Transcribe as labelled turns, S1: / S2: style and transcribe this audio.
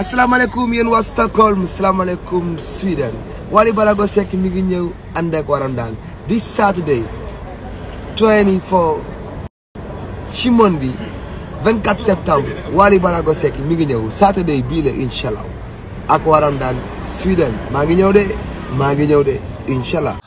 S1: asalaamaaleykum yéen waa Stockholm asalaamaaleykum Sweden Wally Balago Seck mi ngi ñëw ànd ak waram daal di Saturday 24 ci moon bi 24 septembre Wally Balago Seck mi ngi ñëw Saturday bii la incha allah ak waram daal Sweden maa ngi ñëw de maa ngi ñëw de incha